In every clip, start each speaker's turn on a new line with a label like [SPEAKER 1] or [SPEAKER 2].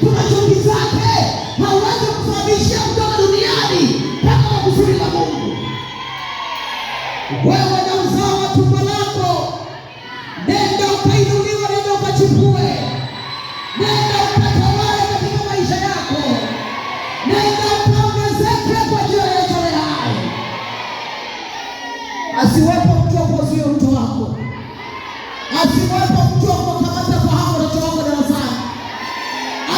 [SPEAKER 1] kuna chuki zake, hauwezi kusababishia kutoka duniani kama wakusudi la Mungu. Wewe na uzao wa tumbo lako, nenda ukainuliwe, nenda ukachipue, nenda ukatawale katika maisha yako, nenda ukaongezeke kwa jina la Yesu aliye hai. Asiwepo mtu apozie mtu wako, asiwepo mtu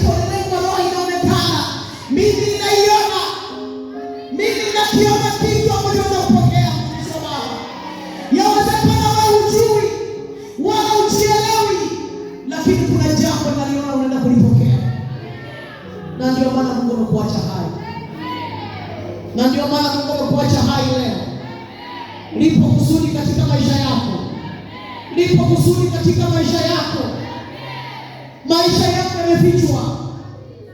[SPEAKER 1] ndipo lengo Roho inaonekana. Mimi ninaiona, mimi ninakiona kitu ambacho unapokea msomaji. Yawezekana wewe hujui wala uchielewi, lakini kuna jambo naliona unaenda kulipokea, na ndio maana Mungu anakuacha hai, na ndio maana Mungu anakuacha hai leo. Lipo kusudi katika maisha yako, lipo kusudi katika maisha yako, maisha limefichwa.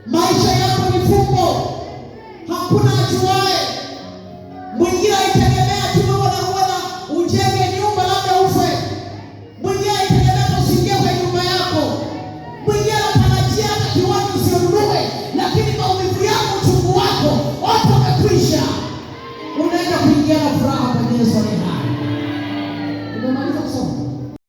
[SPEAKER 1] Maisha yako ni fumbo, hakuna ajuae. Mwingine aitegemea kidogo na ujenge nyumba labda ufe, mwingine aitegemea kwa nyumba yako, mwingine anatarajia hata kiwanja lakini maumivu yako, uchungu wako wote umekwisha, unaenda kuingia na furaha kwa Yesu.